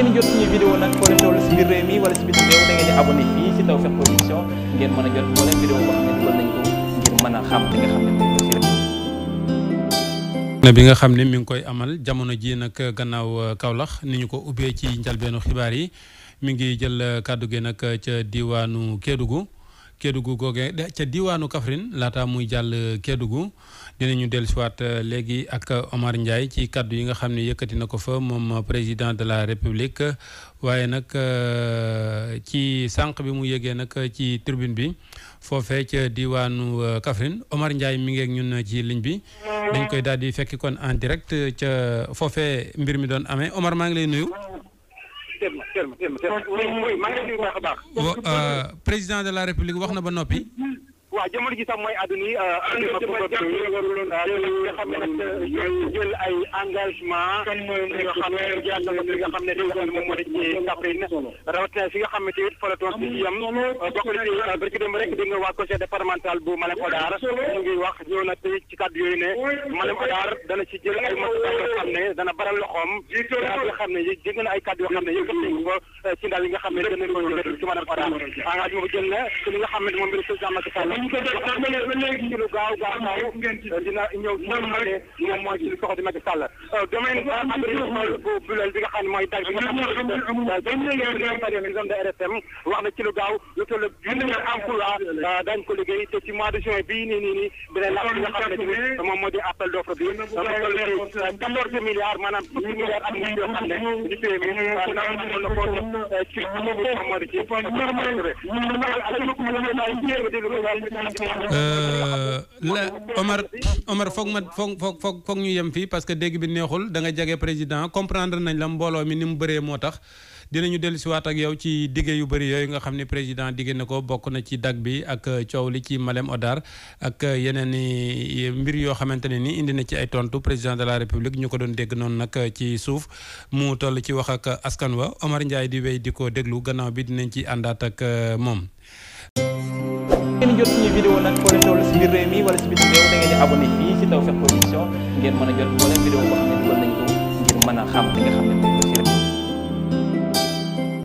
bi nga xam ni mi ngi koy amal jamono ji nag gannaaw euh, kawlax ni ñu ko ubbee ci njalbeenu xibaar yi mi ngi jël euh, kàddu gi nag ca diwaanu Kédougou Kédougou googee ca diwaanu Kaffrine laata muy jàll Kédougou dinañu dellusiwaat euh, léegi ak Omar Ndiaye ci kàddu yi nga xam ne yëkkati na ko fa moom président de la République waaye nag euh, ci sànq bi mu yëgee nag ci tribune bi foofee ca diwaanu euh, Kaffrine Omar Ndiaye mi ngi ñun na ci ligne bi dañ koy daal di fekki kon en direct ca foofee mbir mi doon amee Omar maa ngi lay nuyu. Euh, président de la république wax na ba noppi waaw jamono ji sax mooy àdduna yi. nga xam ne nag jël ay engagement. yoo xam ne jaar na ko fi nga xam ne moom moo di ci Kaffrine rawatina fi nga xam ne tamit fa la toog ci yam bokk na ci barki dem rek dégg nga waa conseil départemental bu Malem Odar mu ngi wax ñëw na tey ci kàddu yooyu ne Malem Odar dana ci jël ay matukaay yoo xam ne dana baral loxoom daal nga xam ne dégg na ay kàddu yoo xam ne yëkkati nañ ko ci ndaal yi nga xam ne danañ ko jëlee ci Malem Odar engagement bu jël na ci li nga xam ne moom bi président Macky Sall ko def ba léegi ci lu gaaw gaaw gaaw dina ñëw ci moom mooy ci soxla di Macky Sall domaine bu Bulel bi nga xam ne mooy tag bi nga xam ne zone de RSM wax na ci lu gaaw lu toll junni emploi dañ ko liggéey te ci mois de juin bii nii nii nii dina laaj li nga xam ne tamit moom moo di appel d'offre bi mu toll quatorze milliards maanaam dix di ci moom moo di ci Euh, la Omar Omar foog ma foog foog foog ñu yem fii parce que dégg bi neexul da nga jege président comprendre nañ la mbooloo mi ni mu bëree moo tax dinañu dellusiwaat ak yow ci digge yu bëri yooyu nga xam ni président digge na ko bokk na ci dagg bi ak coow li ci Malem Odar ak yeneen i mbir yoo xamante ne ni indi na ci ay tontu président de la république ñu ko doon dégg noonu nag ci suuf mu toll ci wax ak askan wa Omar Ndiaye di wéy di ko déglu gannaaw bi dinañ ci àndaat ak moom. jot nii vidéo nag foo leen toll si biir réew mi wala si biir réew da ngeen di abonné fii si Tawfekh Production ngeen mën a jot moo leen vidéo boo xam ne